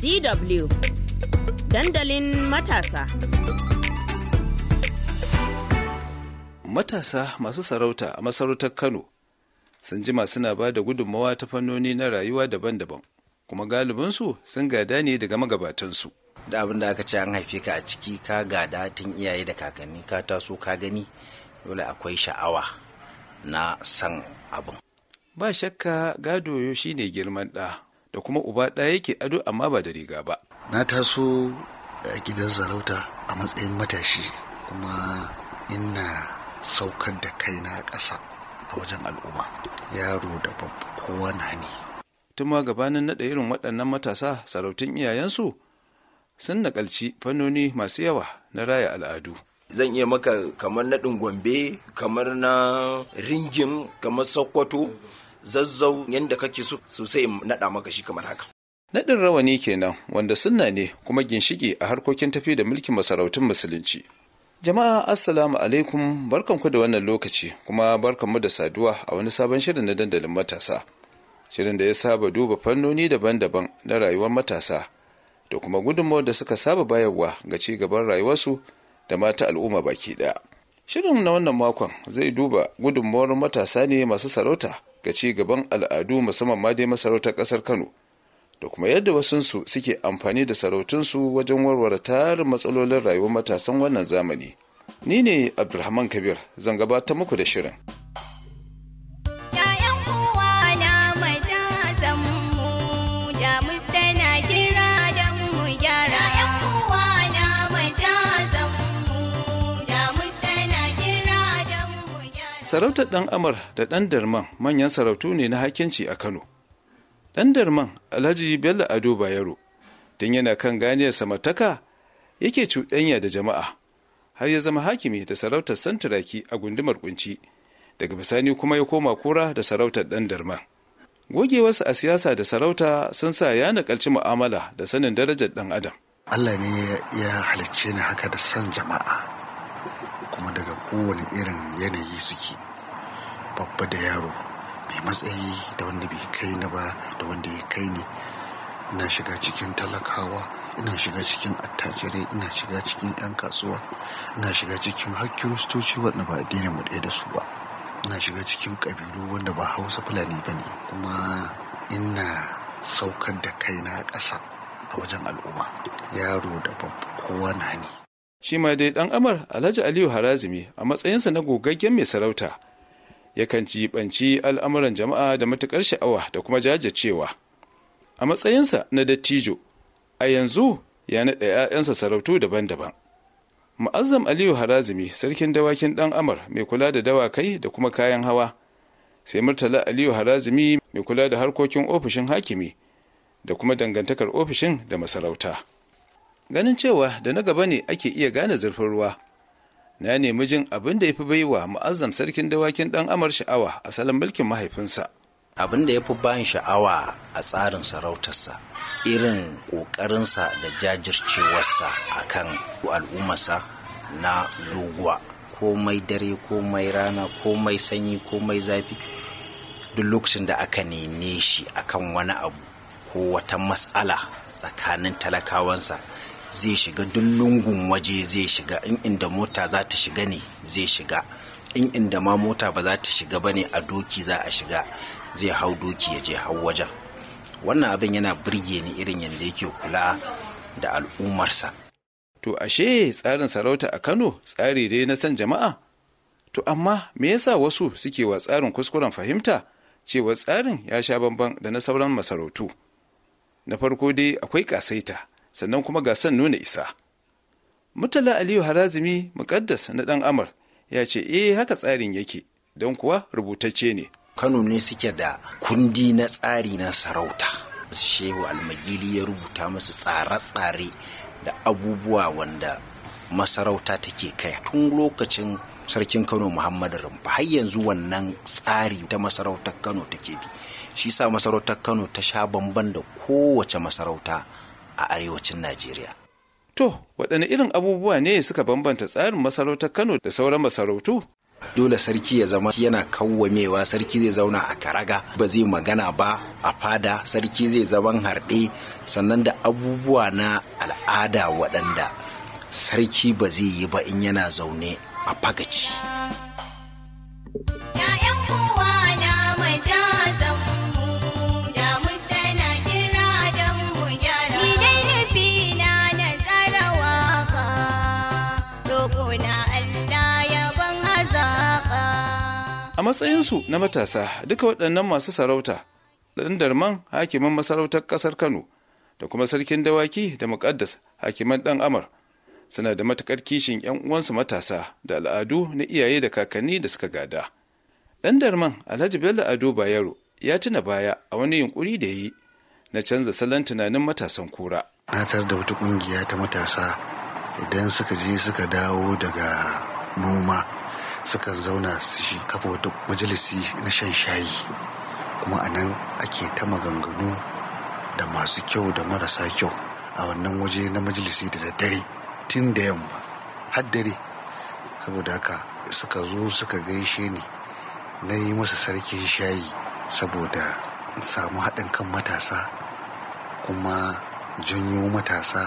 DW dandalin matasa. Matasa masu sarauta a masarautar Kano sun jima suna ba da gudunmawa ta fannoni na rayuwa daban-daban, kuma galibinsu sun gada ne daga magabatansu. Da abin da aka ce an haife ka a ciki ka gada tun iyaye da kakanni ka taso ka gani dole akwai sha'awa na san abin. Ba shakka gado ne girman ɗa. da kuma uba ɗaya yake ado amma ba da riga ba. Na taso a gidan zarauta a matsayin matashi kuma ina saukar da kaina na ƙasa a wajen al'umma yaro da babba kowa na ni. ma gabanin naɗa irin waɗannan matasa sarautun iyayensu sun naƙalci fannoni masu yawa na raya al'adu. zan iya maka kamar naɗin gombe kamar na ringin kamar sokoto zazzau yadda kake so sosai in naɗa maka shi kamar haka. Naɗin rawani kenan wanda sunna ne kuma ginshiƙi a harkokin tafi da mulkin masarautun musulunci. Jama'a assalamu alaikum barkanku da wannan lokaci kuma barkanmu da saduwa a wani sabon shirin na dandalin matasa. Shirin da ya saba duba fannoni daban-daban na rayuwar matasa da kuma gudunmawar da suka saba bayarwa ga ci gaban rayuwarsu da mata al'umma baki ɗaya. Shirin na wannan makon zai duba gudunmawar matasa ne masu sarauta ga ci gaban al'adu musamman ma dai masarautar ƙasar kano da kuma yadda wasunsu suke amfani da sarautunsu wajen warware tarin matsalolin rayuwar matasan wannan zamani ni ne abdulrahman kabir zan gabatar muku da shirin sarautar ɗan amar da ɗan darman manyan sarautu ne na hakinci a kano ɗan darman alhaji bello ado bayero don yana kan ganiyar samartaka yake cuɗanya da jama'a har ya zama hakimi da sarautar santaraki a gundumar kunci daga bisani kuma ya koma kura da sarautar ɗan darman gogewarsa a siyasa da sarauta sun sa ya nakalci mu'amala da sanin darajar ɗan adam allah ne ya halicce ni haka da son jama'a kowane irin yanayi suke babba da yaro mai matsayi da wanda bai kai ni ba da wanda ya kai ni ina shiga cikin talakawa ina shiga cikin attajirai ina shiga cikin 'yan kasuwa ina shiga cikin har kiristoci wanda ba addinin mu ɗaya da su ba ina shiga cikin ƙabilu wanda ba hausa fulani ba ne kuma ina saukar da kaina ƙasa a wajen al'umma yaro da babba kowa na ne shi ma dai dan amar alhaji aliyu harazimi a matsayinsa na gogaggen mai sarauta yakan jibanci al'amuran jama'a da matukar sha'awa da kuma jajircewa a matsayinsa na dattijo a yanzu ya naɗa 'ya'yansa sarautu daban-daban mu'azzam aliyu harazimi sarkin dawakin dan amar mai kula da dawakai da kuma kayan hawa sai murtala aliyu harazimi mai kula da harkokin ofishin hakimi da kuma dangantakar ofishin da masarauta ganin cewa da na gaba ne ake iya gane zurfin ruwa na nemi jin abin da ya fi baiwa mu'azzam sarkin dawakin dan amar sha'awa a salon mulkin mahaifinsa abin da ya fi bayan sha'awa a tsarin sarautarsa irin ƙoƙarinsa da jajircewarsa a kan al'ummarsa na doguwa komai dare komai rana komai sanyi komai zafi duk lokacin da aka neme shi akan wani abu ko wata matsala tsakanin talakawansa zai shiga duk lungun waje zai shiga in inda mota za ta shiga ne zai shiga in inda ma mota ba za ta shiga ba ne a doki za a shiga zai hau doki ya je hau wajen wannan abin yana birge ni irin yadda yake kula da al'ummarsa to ashe tsarin sarauta a kano tsari dai na san jama'a to amma me yasa wasu suke wa tsarin kuskuren fahimta cewa tsarin ya sha bamban da na sauran masarautu na farko dai akwai kasaita sannan kuma ga son nuna isa mutala aliyu harazimi muƙaddas na ɗan amur ya ce eh haka tsarin yake don kuwa rubutacce ne kano ne suke da kundi na tsari na sarauta shehu almagili ya rubuta masu tsare-tsare da abubuwa wanda masarauta take kai tun lokacin sarkin kano muhammadu rumfa har yanzu wannan tsari ta masarautar kano take bi shi sa masarautar kano ta sha bamban da kowace masarauta a arewacin Najeriya. To, waɗanne irin abubuwa ne suka bambanta tsarin masarautar Kano da sauran masarautu? Dole sarki ya zama yana kawwamewa sarki zai zauna a karaga ba zai magana ba a fada sarki zai zaman harɗe sannan da abubuwa na al'ada waɗanda sarki ba zai yi ba in yana zaune a fagaci. a matsayinsu na matasa duka waɗannan masu sarauta ɗan darman hakimin masarautar ƙasar kano da kuma sarkin dawaki da muƙaddas hakiman ɗan amar suna da matuƙar kishin 'yan uwansu matasa da al'adu na iyaye da kakanni da suka gada ɗan darman alhaji bello ado bayero ya tuna baya a wani yunƙuri da yi na canza salon tunanin matasan kura na tar da wata ƙungiya ta matasa idan suka je suka dawo daga noma sukan zauna su shi kafa wata majalisi na shan shayi kuma a nan ake ta maganganu da masu kyau da marasa kyau a wannan waje na majalisi da daddare tun da yamma haddare dare saboda haka suka zo suka gaishe ni na yi masa sarkin shayi saboda samu haɗin kan matasa kuma janyo matasa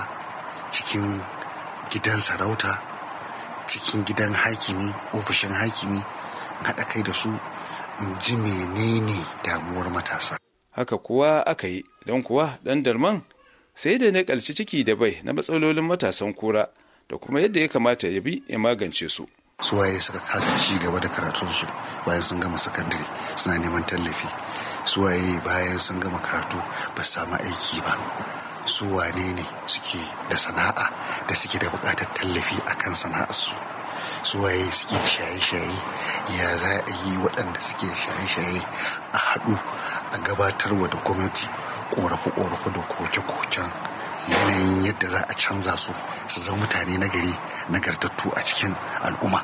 cikin gidan sarauta cikin gidan hakimi ofishin hakimi in haɗa kai da su in ji menene damuwar matasa haka kuwa aka yi don kuwa ɗan darman sai da na ƙalci ciki da bai na matsalolin matasan kura da kuma yadda ya kamata ya bi ya magance su su waye suka kasa ci gaba da karatunsu bayan sun gama sakandare suna neman tallafi su waye bayan sun gama karatu ba su samu aiki ba su wane ne suke da sana'a da suke da buƙatar tallafi a kan sana'arsu su waye suke shaye-shaye ya za a yi waɗanda suke shaye-shaye a haɗu a gabatarwa da gwamnati ƙorafi-ƙorafi da koke-koken yanayin yadda za a canza su su zama mutane na gari nagartattu a cikin al'umma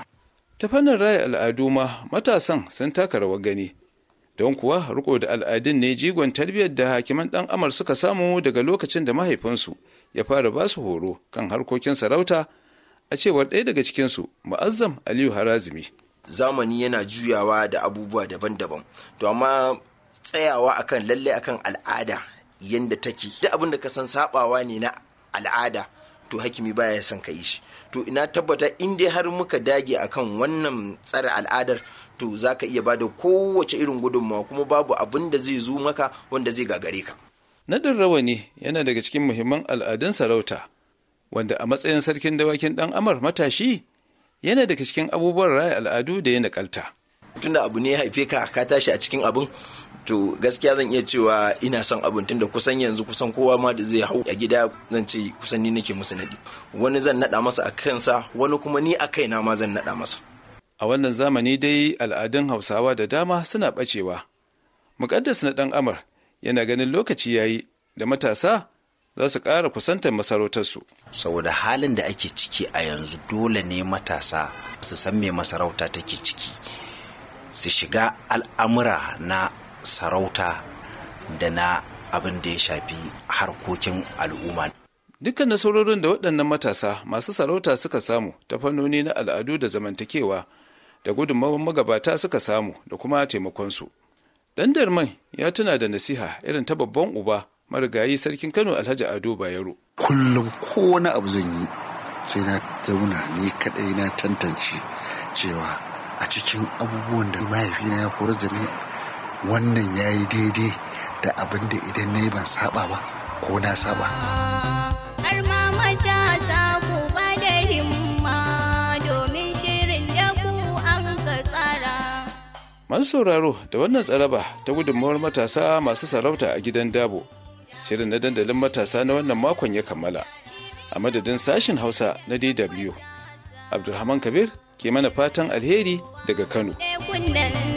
ta fannin raya al'adu ma matasan sun taka rawar gani don kuwa riko da al'adun ne jigon tarbiyyar da hakiman ɗan amar suka samu daga lokacin da mahaifinsu ya fara ba su horo kan harkokin sarauta a cewar ɗaya daga cikinsu ma'azzam aliyu harazumi. zamani yana juyawa da abubuwa daban-daban to amma tsayawa akan lallai akan al'ada yadda take da abin da ka san sabawa ne na al'ada to hakimi baya son ka yi shi to ina tabbata in dai har muka dage akan wannan tsare al'adar to za ka iya bada kowace irin gudunmawa kuma babu abin da zai zo maka wanda zai gagare ka nadin rawani yana daga cikin muhimman al'adun sarauta wanda a matsayin sarkin dawakin dan amar matashi yana daga cikin abubuwan raya al'adu da ya nakalta tunda abu ne ya haife ka ka tashi a cikin abin to gaskiya zan iya cewa ina son abin tunda kusan yanzu kusan kowa ma da zai hau a gida zan ce kusan ni nake musu nadi wani zan nada masa a kansa wani kuma ni a kaina ma zan nada masa a wannan zamani dai al'adun hausawa da dama suna bacewa muƙaddas na ɗan amar yana ganin lokaci yayi da matasa za su ƙara kusantar masarautarsu. saboda halin da ake ciki a yanzu dole ne matasa su san me masarauta take ciki su shiga al'amura na sarauta da na abin da ya shafi harkokin al'umma. Dukkan nasarorin da waɗannan matasa masu sarauta suka samu ta fannoni na al'adu da zamantakewa da gudunmawar magabata suka samu da kuma taimakonsu. Dan Darman ya tuna da nasiha irin ta babban uba marigayi sarkin Kano Alhaji Ado Bayero. Kullum ko wani abu zan yi sai na zauna ni kaɗai na tantance cewa a cikin abubuwan da mahaifina ya kori da wannan ya yi daidai da abin da idan na yi ban saba ba ko na saba. Har ma matasa ba da shirin da ku an tsara. sauraro da wannan tsaraba ta gudunmawar matasa masu sarauta a gidan dabo. Shirin na dandalin matasa na wannan makon ya kammala. A madadin sashin Hausa na DW. Abdulrahman Kabir ke mana fatan alheri daga Kano. Eh,